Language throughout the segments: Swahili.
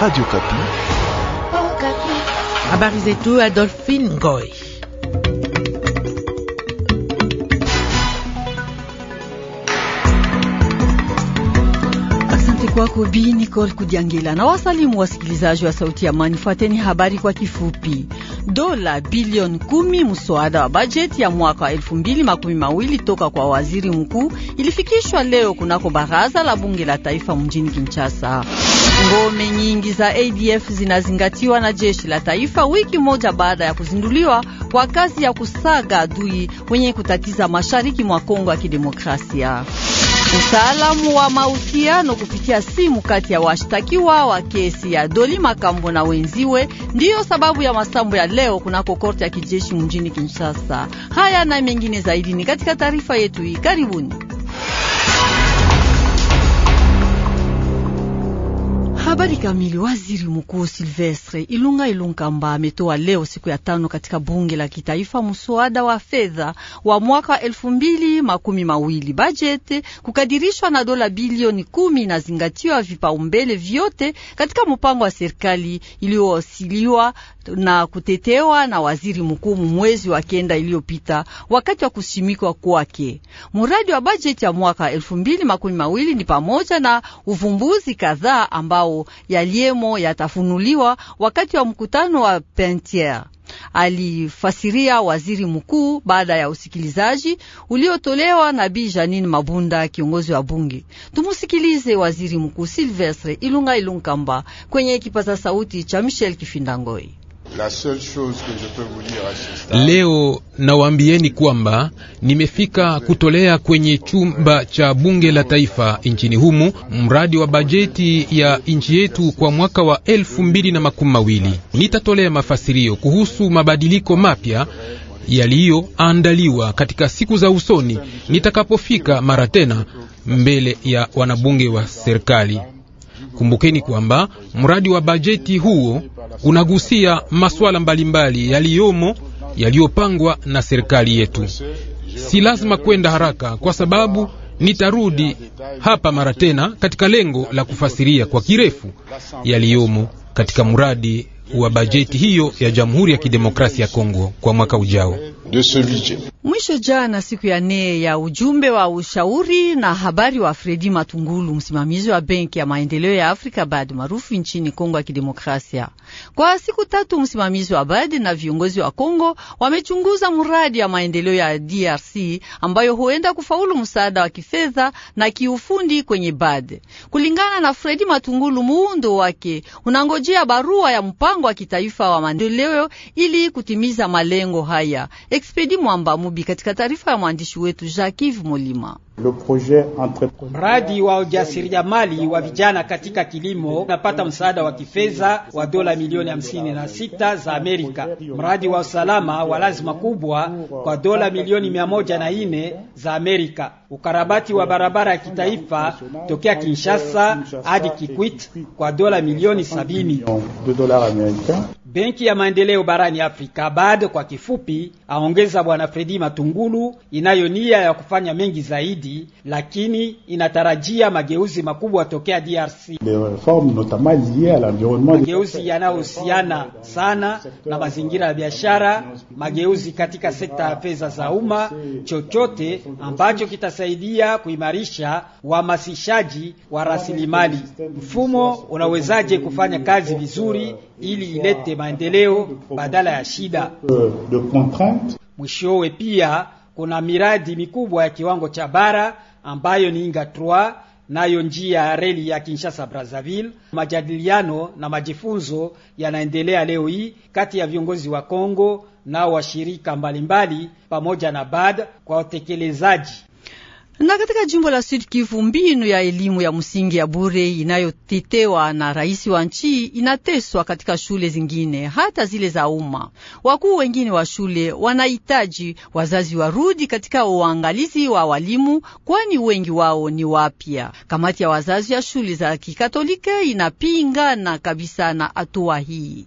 Radio Kapi. Oh, Kapi. Habari zetu Adolphine Ngoy. Asante kwako Bi Nicole Kudiangela na wasalimu wasikilizaji wa Sauti ya Amani. Fuateni habari kwa kifupi dola bilioni kumi msoada wa bajeti ya mwaka wa elfu mbili makumi mawili toka kwa waziri mkuu ilifikishwa leo kunako baraza la bunge la taifa mjini Kinshasa. Ngome nyingi za ADF zinazingatiwa na jeshi la taifa wiki moja baada ya kuzinduliwa kwa kazi ya kusaga adui wenye kutatiza mashariki mwa Kongo ya Kidemokrasia. Mtaalamu wa mahusiano kupitia simu kati ya washtakiwa wa kesi ya Doli Makambo na wenziwe ndiyo sababu ya masambo ya leo kunako korte ya kijeshi mjini Kinshasa. Haya na mengine zaidi ni katika taarifa yetu hii. Karibuni. Habari kamili. Waziri Mkuu Silvestre Ilunga Ilunkamba ametoa leo siku ya tano katika bunge la kitaifa mswada wa fedha wa mwaka wa elfu mbili makumi mawili bajete kukadirishwa na dola bilioni kumi na zingatiwa vipaumbele vyote katika mpango wa serikali iliyowasiliwa na kutetewa na waziri mkuu mwezi wa kenda iliyopita wakati wa kusimikwa kwake. Mradi wa bajeti ya mwaka elfu mbili makumi mawili ni pamoja na uvumbuzi kadhaa ambao yaliyemo yatafunuliwa wakati wa mkutano wa Pentiere, alifasiria waziri mkuu baada ya usikilizaji uliotolewa na Bi Janine Mabunda, kiongozi wa bunge. Tumusikilize waziri mkuu Silvestre Ilunga Ilunkamba kwenye kipaza sauti cha Michel Kifindangoi. Leo nawaambieni kwamba nimefika kutolea kwenye chumba cha bunge la taifa nchini humu mradi wa bajeti ya nchi yetu kwa mwaka wa elfu mbili na makumi mawili. Nitatolea mafasirio kuhusu mabadiliko mapya yaliyoandaliwa katika siku za usoni nitakapofika mara tena mbele ya wanabunge wa serikali. Kumbukeni kwamba mradi wa bajeti huo unagusia masuala mbalimbali yaliyomo yaliyopangwa na serikali yetu. Si lazima kwenda haraka kwa sababu nitarudi hapa mara tena katika lengo la kufasiria kwa kirefu yaliyomo katika mradi wa bajeti hiyo ya Jamhuri ya Kidemokrasia ya Kongo kwa mwaka ujao. Mwisho jana siku ya nne ya ujumbe wa ushauri na habari wa Fredi Matungulu, msimamizi wa Benki ya Maendeleo ya Afrika BAD maarufu nchini Kongo ya Kidemokrasia. Kwa siku tatu, msimamizi wa BAD na viongozi wa Kongo wamechunguza mradi ya maendeleo ya DRC ambayo huenda kufaulu msaada wa kifedha na kiufundi kwenye BAD. Kulingana na Fredi Matungulu, muundo wake unangojea barua ya mpango mpango wa kitaifa wa maendeleo ili kutimiza malengo haya. Expedi Mwamba Mubi katika taarifa ya mwandishi wetu Jacques Molima. Mradi wa ujasiriamali wa vijana katika kilimo unapata msaada wa kifedha wa dola milioni hamsini na sita za Amerika. Mradi wa usalama wa lazima kubwa kwa dola milioni mia moja na nne za Amerika. Ukarabati wa barabara ya kitaifa tokea Kinshasa hadi Kikwit kwa dola milioni sabini. Benki ya maendeleo barani Afrika BAD kwa kifupi, aongeza Bwana Fredi Matungulu, inayo nia ya kufanya mengi zaidi, lakini inatarajia mageuzi makubwa tokea DRC, mageuzi yanayohusiana sana na mazingira ya biashara, mageuzi katika sekta ya fedha za umma, chochote ambacho kitasaidia kuimarisha uhamasishaji wa, wa rasilimali. Mfumo unawezaje kufanya kazi vizuri ili ilete maendeleo badala ya shida. Mwishowe pia kuna miradi mikubwa ya kiwango cha bara ambayo ni Inga 3 nayo njia ya reli ya Kinshasa Brazzaville. Majadiliano na majifunzo yanaendelea leo hii kati ya viongozi wa Kongo nao washirika mbalimbali pamoja na BAD kwa utekelezaji na katika jimbo la Sud Kivu, mbinu ya elimu ya msingi ya bure inayotetewa na rais wa nchi inateswa katika shule zingine, hata zile za umma. Wakuu wengine wa shule wanahitaji wazazi warudi katika uangalizi wa walimu, kwani wengi wao ni wapya. Kamati ya wazazi ya shule za Kikatolike inapingana kabisa na hatua hii.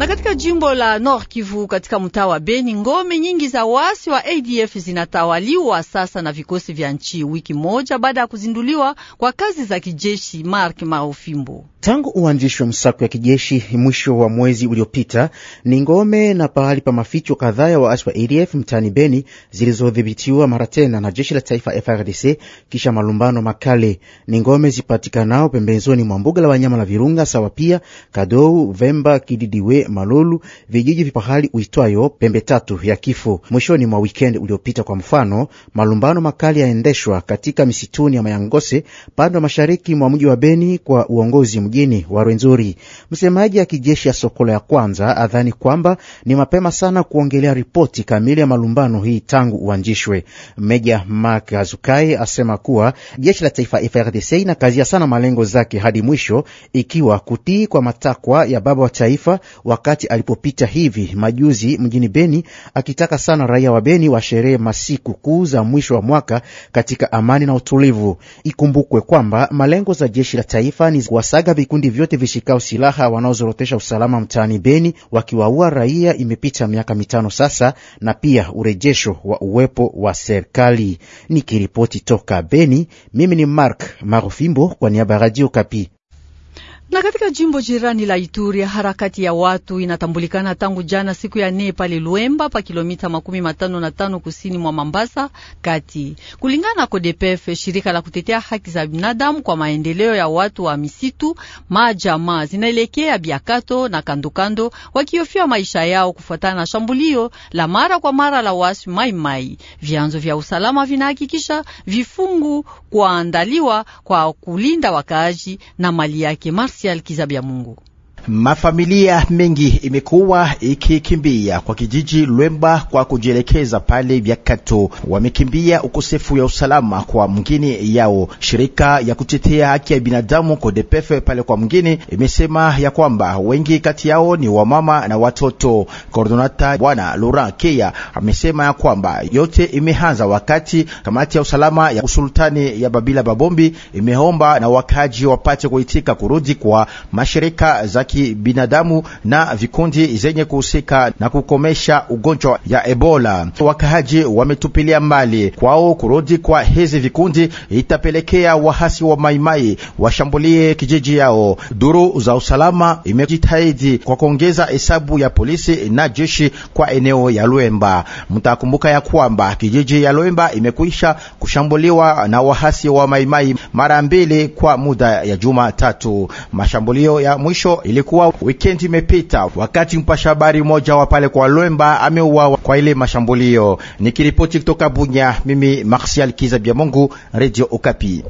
Na katika jimbo la Nord Kivu katika mtaa wa Beni, ngome nyingi za waasi wa ADF zinatawaliwa sasa na vikosi vya nchi, wiki moja baada ya kuzinduliwa kwa kazi za kijeshi. Mark Maofimbo tangu uanzishi wa msako ya kijeshi mwisho wa mwezi uliopita, ni ngome na pahali pa maficho kadhaa ya waasi wa ADF mtaani Beni zilizodhibitiwa mara tena na jeshi la taifa FRDC kisha malumbano makali. Ni ngome zipatikanao pembezoni mwa mbuga la wanyama la Virunga sawa pia Kadou, Vemba, Kididiwe Malulu, vijiji vipahali uitwayo pembe tatu ya kifo. Mwishoni mwa wikendi uliopita, kwa mfano, malumbano makali yaendeshwa katika misituni ya Mayangose pande wa mashariki mwa mji wa Beni kwa uongozi mjini wa Rwenzori. Msemaji ya kijeshi ya Sokola ya kwanza adhani kwamba ni mapema sana kuongelea ripoti kamili ya malumbano hii tangu uanzishwe. Meja Mark Azukai asema kuwa jeshi la taifa FRDC inakazia sana malengo zake hadi mwisho, ikiwa kutii kwa matakwa ya baba wa taifa wa wakati alipopita hivi majuzi mjini Beni akitaka sana raia wa Beni washerehe masiku kuu za mwisho wa mwaka katika amani na utulivu. Ikumbukwe kwamba malengo za jeshi la taifa ni kuwasaga vikundi vyote vishikao silaha wanaozorotesha usalama mtaani Beni, wakiwaua raia, imepita miaka mitano sasa, na pia urejesho wa uwepo wa serikali. Nikiripoti toka Beni, mimi ni Mark Marofimbo kwa niaba ya Radio Kapi. Na katika jimbo jirani la Ituri, harakati ya watu inatambulikana tangu jana siku ya nne pale Luemba pa kilomita makumi matano na tano kusini mwa Mambasa kati, kulingana na CODEPEF, shirika la kutetea haki za binadamu kwa maendeleo ya watu wa misitu. majama zinaelekea Biakato na kandokando, wakiofia maisha yao kufuatana na shambulio la mara kwa mara la wasi Maimai. Vyanzo vya usalama vinahakikisha vifungu kuandaliwa kwa kulinda wakaaji na mali yake Marcia spéciale qu'ils Mungu. Mafamilia mengi imekuwa ikikimbia kwa kijiji Lwemba kwa kujielekeza pale Vyakato. Wamekimbia ukosefu ya usalama kwa mgini yao. Shirika ya kutetea haki ya binadamu Kodepefe pale kwa mgini imesema ya kwamba wengi kati yao ni wamama na watoto. Koordinata Bwana Laurent Keya amesema ya kwamba yote imeanza wakati kamati ya usalama ya usultani ya Babila Babombi imeomba na wakaji wapate kuitika kurudi kwa mashirika za kibinadamu na vikundi zenye kuhusika na kukomesha ugonjwa ya Ebola. Wakahaji wametupilia mbali kwao kurudi kwa hizi vikundi itapelekea wahasi wa maimai washambulie kijiji yao. Duru za usalama imejitahidi kwa kuongeza hesabu ya polisi na jeshi kwa eneo ya Lwemba. Mtakumbuka ya kwamba kijiji ya Lwemba imekwisha kushambuliwa na wahasi wa maimai mara mbili kwa muda ya juma tatu. Mashambulio ya mwisho ili Ilikuwa wikendi imepita wakati mpasha habari mmoja wa pale kwa Lwemba ameuawa kwa ile mashambulio. Nikiripoti kutoka Bunya, mimi Marsial Kiza Bya Mungu, Radio Okapi.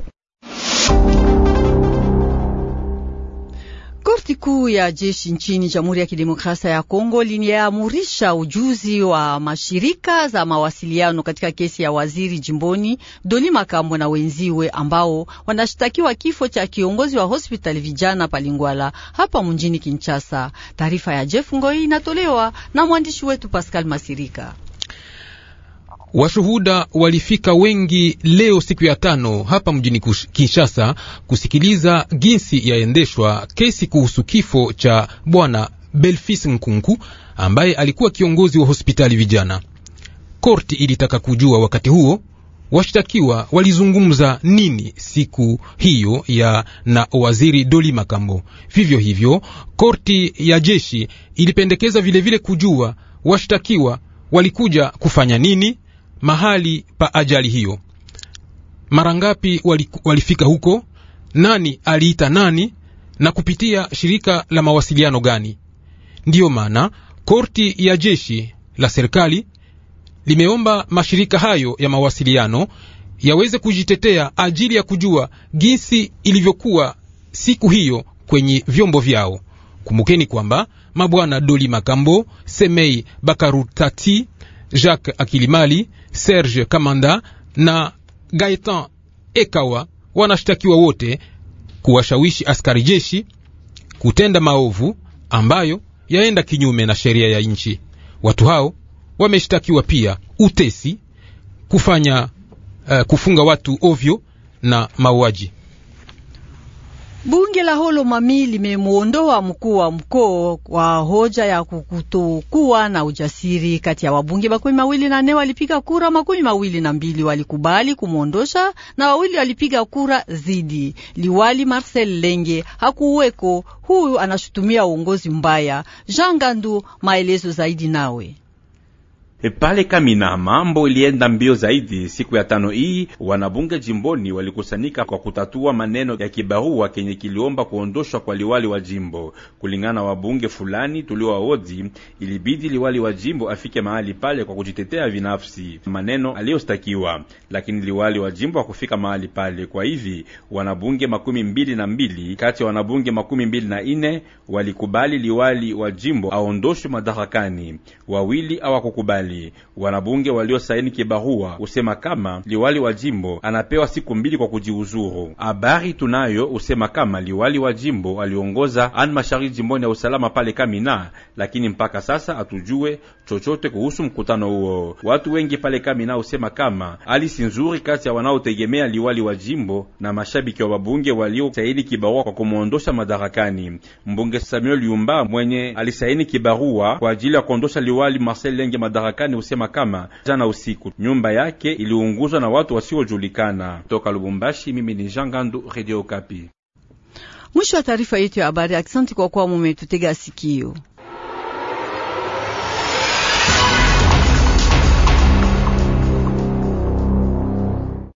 Korti kuu ya jeshi nchini Jamhuri ya Kidemokrasia ya Kongo liliamurisha ujuzi wa mashirika za mawasiliano katika kesi ya waziri jimboni Doli Makambo na wenziwe ambao wanashitakiwa kifo cha kiongozi wa hospitali vijana Palingwala hapa mjini Kinshasa. Taarifa ya Jeff Ngoi inatolewa na mwandishi wetu Pascal Masirika. Washuhuda walifika wengi leo siku ya tano hapa mjini Kinshasa kusikiliza jinsi yaendeshwa kesi kuhusu kifo cha bwana Belfis Nkunku ambaye alikuwa kiongozi wa hospitali vijana. Korti ilitaka kujua wakati huo washtakiwa walizungumza nini siku hiyo ya na waziri Doli Makambo. Vivyo hivyo, korti ya jeshi ilipendekeza vilevile vile kujua washtakiwa walikuja kufanya nini mahali pa ajali hiyo. Mara ngapi walifika huko? Nani aliita nani? Na kupitia shirika la mawasiliano gani? Ndiyo maana korti ya jeshi la serikali limeomba mashirika hayo ya mawasiliano yaweze kujitetea ajili ya kujua jinsi ilivyokuwa siku hiyo kwenye vyombo vyao. Kumbukeni kwamba mabwana Doli Makambo, Semei Bakarutati Jacques Akilimali, Serge Kamanda na Gaetan Ekawa wanashtakiwa wote kuwashawishi askari jeshi kutenda maovu ambayo yaenda kinyume na sheria ya nchi. Watu hao wameshtakiwa pia utesi, kufanya uh, kufunga watu ovyo na mauaji. Bunge la holo Holomami limemwondoa mkuu wa mkoo kwa hoja ya kukutokuwa na ujasiri. Kati ya wabunge makumi mawili na nne walipiga kura, makumi mawili na mbili walikubali kumwondosha na wawili walipiga kura zidi. Liwali Marcel Lenge hakuweko, huyu anashutumia uongozi mbaya. Jean Gandu, maelezo zaidi nawe E pale Kamina mambo ilienda mbio zaidi. Siku ya tano hii wanabunge jimboni walikusanyika kwa kutatua maneno ya kibarua kenye kiliomba kuondoshwa kwa liwali wa jimbo. Kulingana na wabunge fulani tuliowahoji, ilibidi liwali wa jimbo afike mahali pale kwa kujitetea vinafsi maneno aliyostakiwa, lakini liwali wa jimbo hakufika mahali pale. Kwa hivi wanabunge makumi mbili na mbili kati ya wanabunge makumi mbili na ine walikubali liwali wa jimbo aondoshwe madarakani, wawili hawakukubali liwali. Wanabunge waliosaini kibarua usema kama liwali wa jimbo anapewa siku mbili kwa kujiuzuru. Habari tunayo usema kama liwali wa jimbo aliongoza mashariki jimboni ya usalama pale Kamina, lakini mpaka sasa hatujue chochote kuhusu mkutano huo. Watu wengi pale Kamina usema kama hali si nzuri kati ya wanaotegemea liwali wa jimbo na mashabiki wa wabunge waliosaini kibarua kwa kumwondosha madarakani. Mbunge Samuel Yumba mwenye alisaini kibarua kwa ajili ya kuondosha liwali Marcel Lenge madarakani mpakani husema kama jana usiku nyumba yake iliunguzwa na watu wasiojulikana. Toka Lubumbashi, mimi ni Jean Gandu, Radio Okapi. Mwisho wa taarifa yetu ya habari. Aksanti kwa kuwa mumetutega sikio.